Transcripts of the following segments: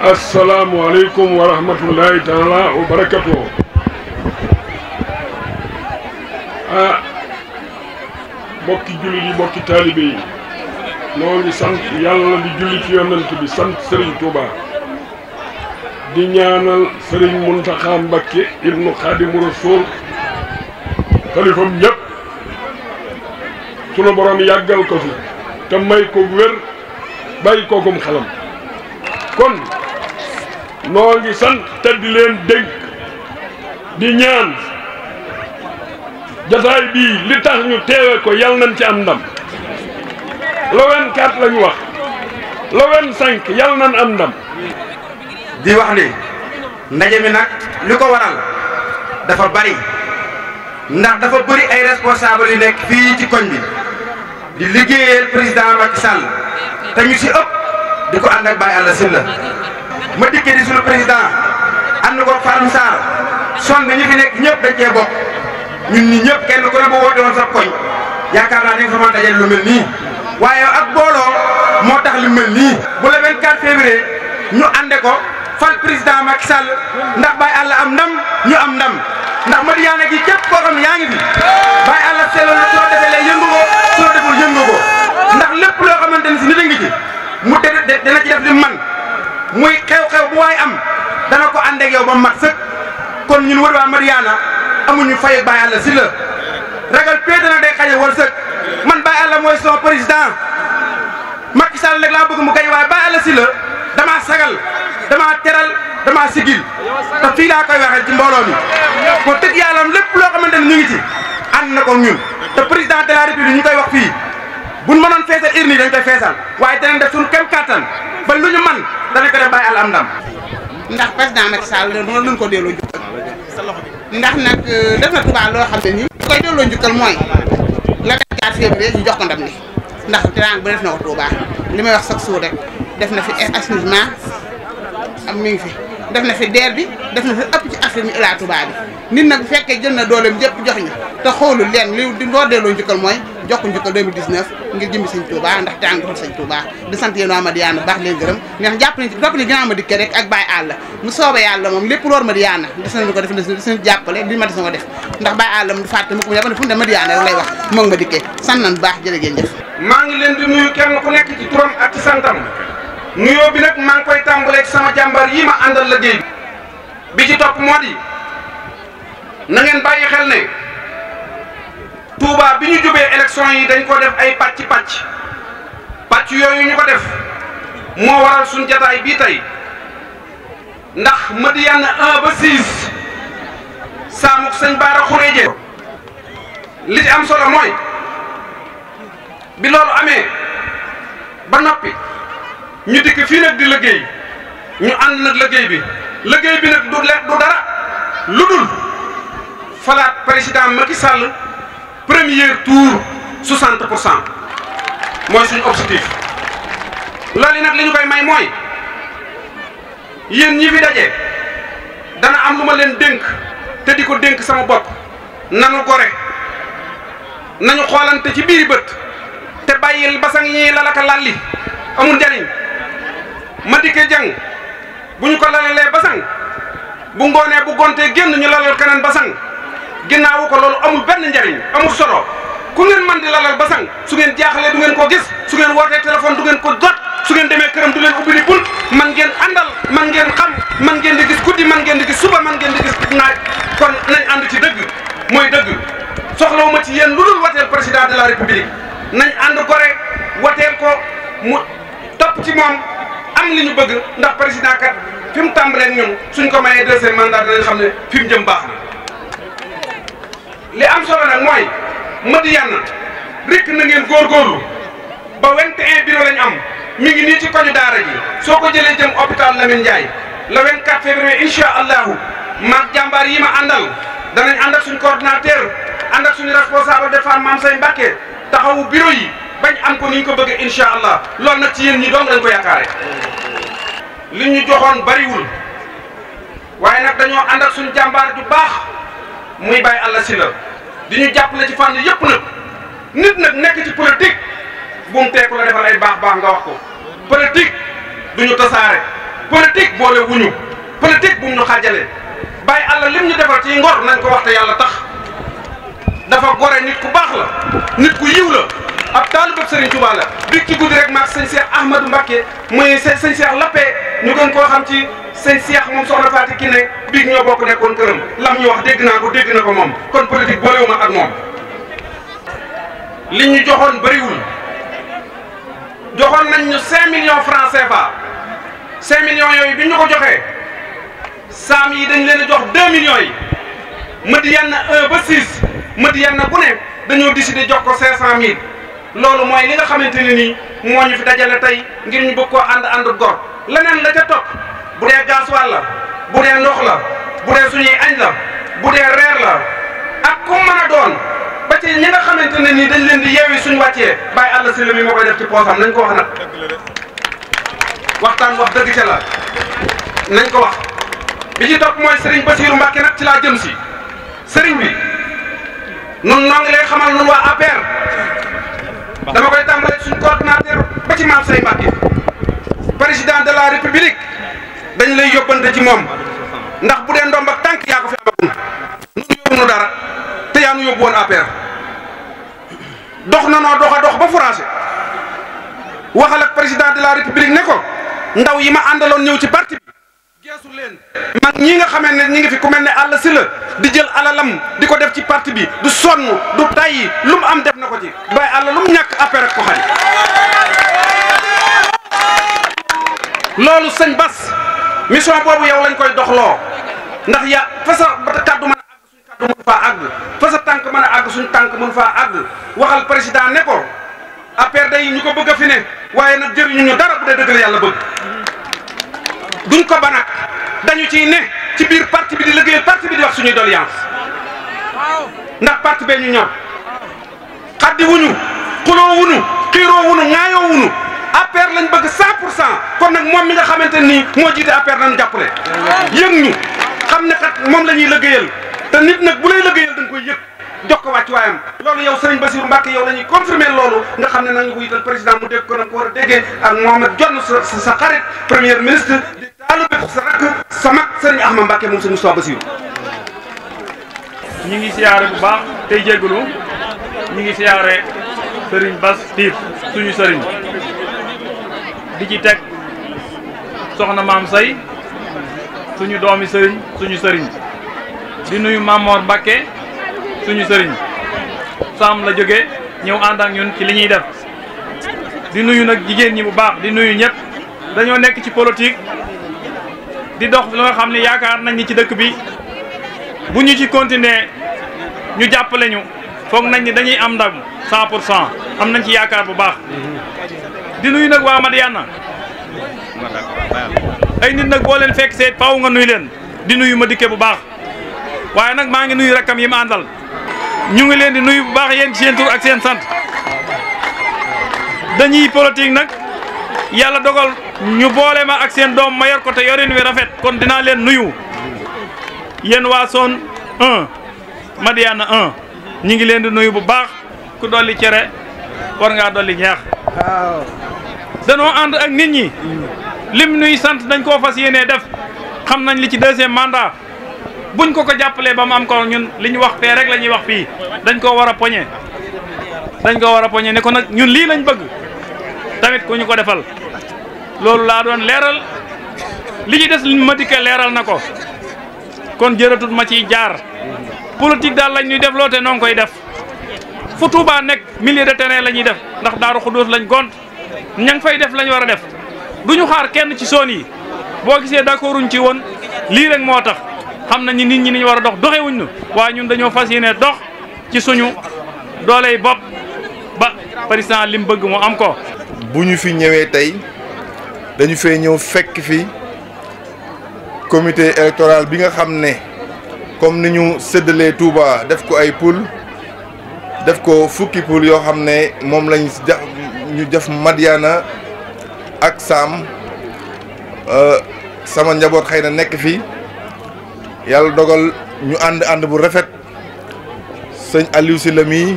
asalaamualeykum wa rahmatullahi taala wa barakatuh ah bokki jullit yi bokki taalibe yi noo sant yàlla di julli ci yonent bi sant Serigne Touba di ñaanal Serigne Mountakha Mbacké ibnu Khadimu Rasoul xalifam ñëpp sunu borom yàggal ko fi te ko wér bàyyi kookum xelam kon noo ngi sant te di leen dégg di ñaan jataay bii li tax ñu teewe ko yal nañ ci am ndam le 24 la ñu wax le 25 yal nañ am ndam di wax ni ndaje mi nag li ko waral dafa bari ndax dafa bëri ay responsable yu nekk fii ci koñ bi di liggéeyal président Macky Sall te ñu si ëpp di ko ànd ak Baye Alla Sylla ma dikkee di suñu président ànd ko Fallou Sarr son bi ñu fi nekk ñëpp dañ cee bokk ñun ñi ñëpp kenn ku ne bu woote woon sa koñ yaakaar naa ne nga fa dajale lu mel nii waaye ak booloo moo tax lu mel nii. bu le 24 février ñu ànde ko fal président Macky Sall ndax Baye Alla am ndam ñu am ndam ndax Madiyana gi képp koo xam ne yaa ngi fi Baye Alla le na go defee lay yëngu ko yëngu ko ndax lépp loo xamante ni si nit a ngi ci mu dana de def li man. muy xew-xew bu waay am dana ko ànd ak yow mat sëkk kon ñun wër waa Madiyana amuñu fay Baye si Sylla ragal péete nag day xañe war sëkk man Baye Alla mooy son président Macky Sall rek laa bëgg mu gañ waaye Baye Alla Sylla damaa sagal damaa teral damaa sigil te fii laa koy waxee ci mbooloo kon tëgg yàlla lépp loo xamante ne ñu ngi ci na ko ñun te président de la république ñu koy wax fii buñ mënoon feesal urne yi dañ koy feesal waaye danañ def suñu kem kàttan ba lu ñu man danañ ko def bàyyi àlla am ndam ndax président Macky Sall noonu luñ ko delloo ndax nag euh, def na Touba loo xam ne nii li koy delloo njukkal mooy la vingt-quatre février ñu jox ko ndam li ndax teraan ba def na ko Touba li may wax chaque jour rek def na fi assainissement am mi ngi fi def na fi deer bi def na fi ëpp ci affaire ñu ilaa Touba nit nag bu fekkee jën na dooleem jëpp jox ñu te xoolul leen li loo delloo njukkal mooy jox ko njukkal 2019 ngir jëmmi sëñ Touba ndax tàng defal sëñ Touba di sant yéen waa Madiyana baax leen gërëm ndax jàpp nañ ci topp ni ginnaaw ma dikkee rek moom lépp loor ma des ko def ndax bàyyi àll mu fàtte mu ko yàlla fu baax jërë ngeen jëf maa ngi leen di nuyu kenn ku nekk ci turam ak ci santam nuyoo bi nag maa ngi koy tàmbaleeg sama jàmbar yi ma àndal liggéey bi ci topp moo di na ngeen bàyyi xel ne Touba bi ñu jubee élection yi dañ ko def ay pàcc pàcc pàcc yooyu ñu ko def moo waral suñ jataay bii tey ndax ma 1 ba 6 saamuk sëñ Baara Xuréje li ci am solo mooy bi loolu amee ba noppi ñu dikk fii nag di liggéey ñu ànd nag liggéey bi liggéey bi nag du le du dara lu dul falaat président Macky sàll premier tour 60 pour cent mooy suñu objectif loolu nag li ñu koy may mooy yéen ñi fi daje dana am lu ma leen dénk te di ko dénk sama bopp nanu gore nañu xoolante ci biiri bët te bàyyil basang yi lalaka lalli amul njariñ ma dikke jàng bu ñu ko lalalee basang bu ngoonee bu gontee génn ñu lalal keneen basang ginnaawu ko loolu amul benn njariñ amul solo ku ngeen man di lalal ba sang su ngeen jaaxalee du ngeen ko gis su ngeen wootee téléphone du ngeen ko jot su ngeen demee këram du leen ubbi ni man ngeen àndal man ngeen xam man ngeen di gis guddi man ngeen di gis suba man ngeen di gis naaj kon nañ ànd ci dëgg mooy dëgg soxla soxlawuma ci yéen lu dul wateel président de la république nañ ànd gore wateel ko mu topp ci moom am li ñu bëgg ndax président kat fi mu tàmbalee ñun suñ ko mayee deuxième mandat dinañ xam ne fi mu baax na li am solo nag mooy Madiyana rek na góor góoru ba 21 bureau lañ am mi ngi nii ci koñu daara ji soo ko jëlee jëm hôpital Lamine Ndiaye le 24 février incha allahu maag jàmbaar yi ma àndal danañ ànd ak suñ coordinateur ànd suñu responsable de femme maam say taxawu bureau yi bañ am ko ni ñu ko bëggee incha allah lool nag ci yéen ñi doom lañ ko yaakaare li ñu joxoon bariwul waaye nag dañoo ànd suñu jàmbaar ju baax. muy bàyyi àlla si la di ñu jàppale ci fànn yëpp nag nit nag nekk ci politique bu mu teeku la defal ay baax baax nga wax ko politique du ñu tasaare politique boole wuñu politique bu mu ñu xaajale bàyyi àlla lim ñu defal ci ngor nañ ko wax te yàlla tax dafa gore nit ku baax la nit ku yiw la ab taalibab Serigne Touba la bi ci guddi rek maak sëñ Cheikh Ahmadou Mbacké muy sëñ Cheikh Lappé ñu gën koo xam ci sëñ Seex moom soxna Faati ki ne biig ñoo bokk nekkoon këram lam ñu wax dégg naa ko dégg na ko moom kon politique boolewuma ak moom li ñu joxoon bëriwul joxoon nañ ñu cinq millions francs CFA cinq millions yooyu bi ñu ko joxee saam yi dañ leen a jox deux millions yi Madiyana un ba six Madiyana ku ne dañoo décidé jox ko cinq cent mille loolu mooy li nga xamante ni nii moo ñu fi dajale tey ngir ñu bëgg koo ànd ànd gor leneen la ca topp bu dee gasoil la bu dee ndox la bu dee suñuy añ la bu dee reer la ak ku mën a doon ba ci ñi nga xamante ne nii dañ leen di yeewi suñ wàccee bàyyi àll si la mi moo koy def ci poosam nañ ko wax nag waxtaan wax dëgg ca la nañ ko wax bi ci topp mooy Serigne Bassirou ke nag ci laa jëm si sëriñ bi nun noo ngi lay xamal nun waa APR dama koy tàmbalee suñ coordinateur ba ci maam say Mbacke président de la république dañ lay yóbbante ci moom ndax bu dee ndomb ak tànk yaa ko fi amagun nu yóbbu nu dara te yaa nu yóbbu woon dox na noo doxa dox ba français waxal président de la république ne ko ndaw yi ma àndaloon ñëw ci parti bi geesu leen mag ñi nga xamee ne ñi ngi fi ku mel ne àll si la di jël alalam di ko def ci parti bi du sonn du tàyyi lu mu am def na ko ci bàyyi àll lu mu ñàkk APR ak ko xañ loolu sëñ Bass mission boobu yow lañ koy doxloo ndax ya fa sa kàddu mën a àgg suñ kàddu àgg fa sa tànk mën a àgg suñ tànk mënu faa àgg waxal président ne ko day ñu ko bëgg a fi ne waaye nag jëriñu ñu dara bu dee dëgg la yàlla bëgg duñ ko ba dañu ciy ne ci biir parti bi di liggéey parti bi di wax suñuy doléance ndax parti bee ñu ñor xaddi xuloo wuñu xiiroo wuñu ŋaayoo wuñu APR lañ bëgg 100 pour cent kon nag moom mi nga xamante nii moo jiite APR nañ jàppale yëg ñu xam ne kat moom la ñuy lëggéeyal te nit nag bu lay lëggéeyal da nga koy yëg jox ko wàccu waayam loolu yow Serigne Bassirou Mbacke yow la ñuy confirmer loolu nga xam ne nañu ko yital président mu dégg ko na ko war a déggee ak Mohamed Dionne sa sa xarit premier ministre di taalube sa rakk sa mag Serigne Ahmad Mbacke moom Serigne Moustapha Bassirou ñi ngi siyaare bu baax tey jéggulu ñi ngi siyaare Serigne Bass Tif suñu Serigne di ci teg soxna maam say suñu doomi sëriñ suñu sëriñ di nuyu Mamor Mbakke suñu sëriñ saam la jóge ñëw ànd ñun ci li ñuy def di nuyu nag jigéen ñi bu baax di nuyu ñëpp dañoo nekk ci politique di dox lu nga xam ne yaakaar nañ ni ci dëkk bi bu ñu ci continuer ñu jàppale ñu foog nañ ni dañuy am ndam 100 cent am nañ ci yaakaar bu baax di nuyu nag waa Madiyana ay nit nag boo leen fekk seet faaw nga nuyu leen di nuyu ma dikkee bu baax waaye nag maa ngi nuyu rakkam yi ma ñu ngi leen di nuyu bu baax yéen ci ak seen sant dañuy politique nag yàlla dogal ñu boole ma ak seen doom ma yor ko te yorin wi rafet kon dinaa leen nuyu yéen waa zone 1 ñu ngi leen di nuyu bu baax ku dolli cere war ngaa dolli ñeex danoo ànd ak nit ñi lim nuy sant dañ koo fas yéenee def xam nañ li ci deuxième mandat buñ ko ko jàppalee ba mu am ko ñun li ñu wax fee rek la ñuy wax fii dañ koo war a poñe dañ ko war a poñe ne ko nag ñun lii lañu bëgg tamit ku ñu ko defal loolu laa doon leeral li ci des liñ ma dikkee leeral na ko kon jërëtut ma ciy jaar politique daal lañ ñuy def loote noo ngi koy def fu Touba nekk milieu de terrain la ñuy def ndax Daaru Xudóos lañ gont ña ngi fay def lañu ñu war a def du ñu xaar kenn ci zone yi boo gisee d'accorduñ ci woon lii rek moo tax xam nañ ni nit ñi ni ñu war a dox doxewuñ nu waaye ñun dañoo fas yéene dox ci suñu dooley bopp ba président lim bëgg mu am ko. bu ñu fi ñëwee tey dañu fee ñëw fekk fi comité électoral bi nga xam ne comme ni ñu séddalee Touba def ko ay poule def ko fukki poule yoo xam ne moom lañ ñu def Madiana ak Saam euh, sama njaboot xëy na nekk fii yàlla dogal ñu ànd ànd bu rafet sëñ Aliou Sylla mii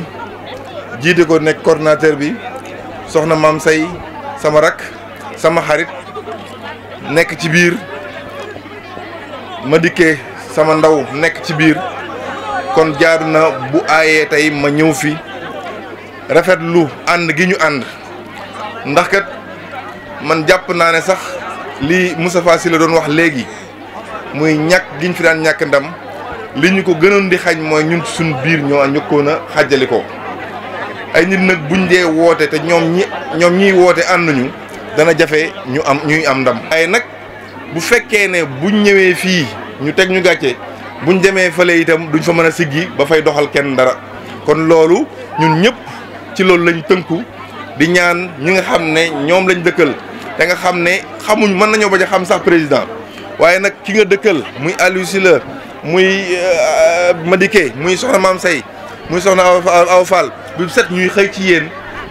jiite ko nekk coordonnateur bi soxna maam say sama rakk sama xarit nekk ci biir ma dikke sama ndaw nekk ci biir kon jaar na bu aayee tey ma ñëw rafet lu ànd gi ñu ànd ndaxkat man jàpp naa ne sax li Moustapha Sy la doon wax léegi muy ñàkk gi fi daan ñàkk ndam li ñu ko gënoon di xañ mooy ñun suñ biir ñoo ñëkkoon a xàjjali ko ay nit nag buñ dee woote te ñoom ñi ñoom ñiy woote ànduñu dana jafe ñu am ñuy am ndam. waaye nag bu fekkee ne buñ ñëwee fii ñu teg ñu gàcce buñ demee fële itam duñ fa mën a siggi ba fay doxal kenn dara kon loolu ñun ñëpp ci loolu lañu tënku. di ñaan ñi nga xam ne ñoom lañ dëkkal te nga xam ne xamuñ mën nañoo bañ a xam sax président waaye nag ki nga dëkkal muy Aliou Sylla muy ma euh, Madické muy soxna Maam Say muy soxna Awa Fall bu set ñuy xëy ci yéen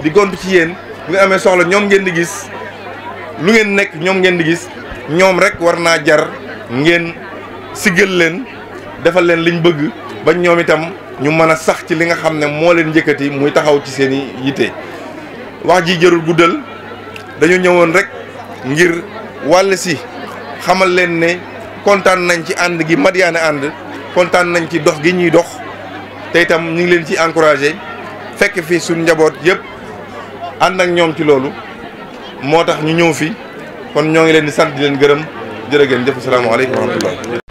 di gont ci yéen bu ngeen amee soxla ñoom ngeen di gis lu ngeen nekk ñoom ngeen di gis ñoom rek war naa jar ngeen siggal leen defal leen liñ bëgg ba ñoom itam ñu mën a sax ci li nga xam ne moo leen njëkkati muy taxaw ci seen i yitte wax ji jërul guddal dañu ñëwoon rek ngir wàll si xamal leen ne kontaan nañ ci ànd gi Madiyana ànd kontaan nañ ci dox gi ñuy dox tey tam ñu ngi leen ci encouragé fekk fi suñ njaboot yëpp ànd ak ñoom ci loolu moo tax ñu ñëw fi kon ñoo ngi leen di sant di leen gërëm jërë ngeen jëf asalaamaaleykum wa rahmatullah